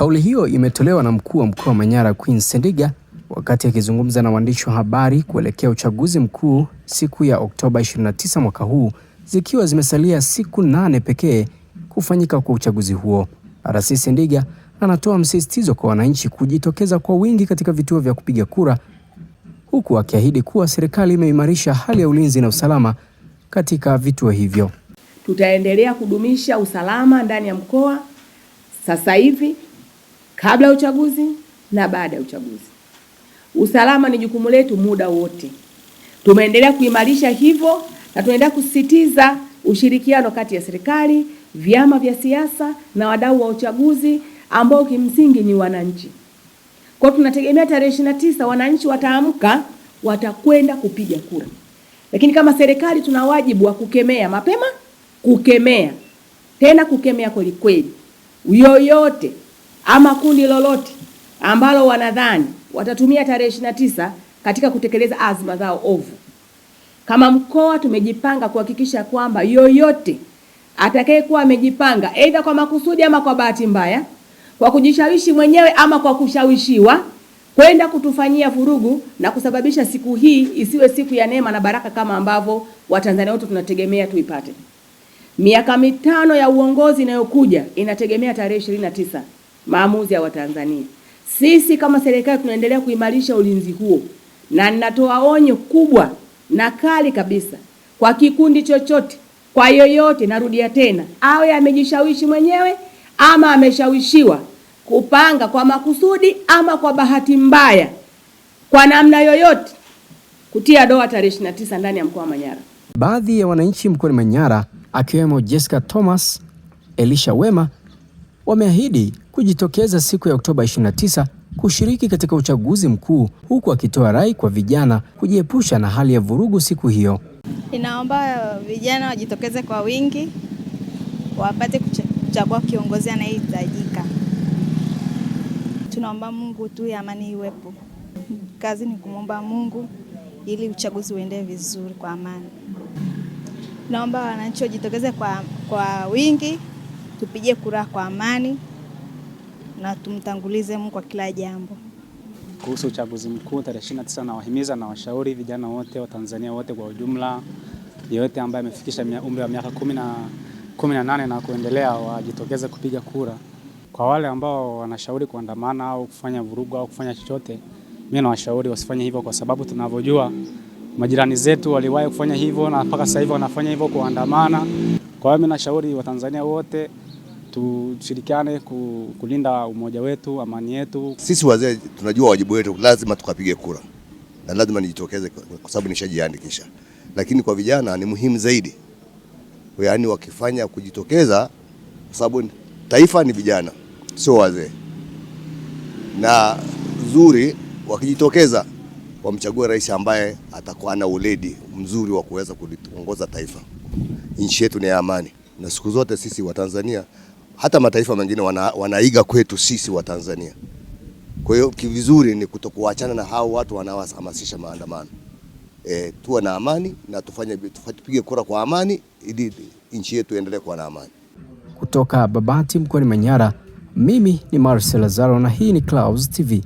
Kauli hiyo imetolewa na mkuu wa mkoa wa Manyara Queen Sendiga wakati akizungumza na waandishi wa habari kuelekea uchaguzi mkuu siku ya Oktoba 29 mwaka huu, zikiwa zimesalia siku nane pekee kufanyika kwa uchaguzi huo. RC Sendiga anatoa msisitizo kwa wananchi kujitokeza kwa wingi katika vituo vya kupiga kura, huku akiahidi kuwa serikali imeimarisha hali ya ulinzi na usalama katika vituo hivyo. Tutaendelea kudumisha usalama ndani ya mkoa. Sasa hivi kabla ya uchaguzi na baada ya uchaguzi. Usalama ni jukumu letu muda wote. Tumeendelea kuimarisha hivyo na tunaendelea kusisitiza ushirikiano kati ya serikali, vyama vya siasa na wadau wa uchaguzi ambao kimsingi ni wananchi. Kwa tunategemea tarehe ishirini na tisa wananchi wataamka, watakwenda kupiga kura, lakini kama serikali tuna wajibu wa kukemea mapema, kukemea tena, kukemea kwelikweli yoyote ama kundi lolote ambalo wanadhani watatumia tarehe ishirini na tisa katika kutekeleza azma zao ovu. Kama mkoa tumejipanga kuhakikisha kwamba yoyote atakayekuwa amejipanga aidha kwa makusudi ama kwa bahati mbaya, kwa kujishawishi mwenyewe ama kwa kushawishiwa kwenda kutufanyia vurugu na kusababisha siku hii isiwe siku ya neema na baraka kama ambavyo Watanzania wote tunategemea tuipate. Miaka mitano ya uongozi inayokuja inategemea tarehe ishirini na tisa maamuzi ya Watanzania. Sisi kama serikali tunaendelea kuimarisha ulinzi huo, na ninatoa onyo kubwa na kali kabisa kwa kikundi chochote, kwa yoyote, narudia tena, awe amejishawishi mwenyewe ama ameshawishiwa kupanga kwa makusudi ama kwa bahati mbaya, kwa namna yoyote kutia doa tarehe 29 ndani ya mkoa wa Manyara. Baadhi ya wananchi mkoani Manyara akiwemo Jessica Thomas, Elisha Wema wameahidi kujitokeza siku ya Oktoba 29 kushiriki katika uchaguzi mkuu, huku akitoa rai kwa vijana kujiepusha na hali ya vurugu siku hiyo. Ninaomba vijana wajitokeze kwa wingi, wapate kuchagua kiongozi anayehitajika. Tunaomba Mungu tu ya amani iwepo. Kazi ni kumwomba Mungu ili uchaguzi uendee vizuri kwa amani. Naomba wananchi wajitokeze kwa, kwa wingi tupige kura kwa amani na tumtangulize Mungu kwa kila jambo. Kuhusu uchaguzi mkuu tarehe 29, nawahimiza na washauri vijana wote wa Tanzania wote kwa ujumla, yeyote ambaye amefikisha umri wa miaka kumi na kumi na nane na kuendelea wajitokeze kupiga kura. Kwa wale ambao wanashauri kuandamana au kufanya vurugu au kufanya chochote, mimi nawashauri wasifanye hivyo, kwa sababu tunavyojua majirani zetu waliwahi kufanya hivyo na mpaka sasa hivi wanafanya hivyo kuandamana. Kwa hiyo mimi nashauri Watanzania wote tushirikiane kulinda umoja wetu, amani yetu. Sisi wazee tunajua wajibu wetu, lazima tukapige kura na lazima nijitokeze kwa sababu nishajiandikisha, lakini kwa vijana ni muhimu zaidi, yaani wakifanya kujitokeza, kwa sababu taifa ni vijana, sio wazee, na zuri wakijitokeza wamchague rais ambaye atakuwa na uledi mzuri wa kuweza kuongoza taifa. Nchi yetu ni ya amani, na siku zote sisi Watanzania hata mataifa mengine wana, wanaiga kwetu sisi wa Tanzania. Kwa hiyo kivizuri ni kutokuachana na hao watu wanaohamasisha maandamano. E, tuwe na amani na tufanye tupige kura kwa amani ili nchi yetu iendelee kuwa na amani. Kutoka Babati mkoani Manyara, mimi ni Marcel Lazaro na hii ni Clouds TV.